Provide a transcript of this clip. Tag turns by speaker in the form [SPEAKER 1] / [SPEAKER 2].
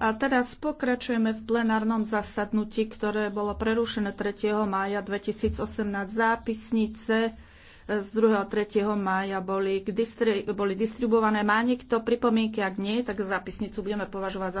[SPEAKER 1] A teraz pokračujeme v plenárnom zasadnutí, ktoré bolo prerušené 3. mája 2018. Zápisnice e, z 2. a 3. mája boli, distri- boli distribuované. Má niekto pripomienky? Ak nie, tak zápisnicu
[SPEAKER 2] budeme považovať za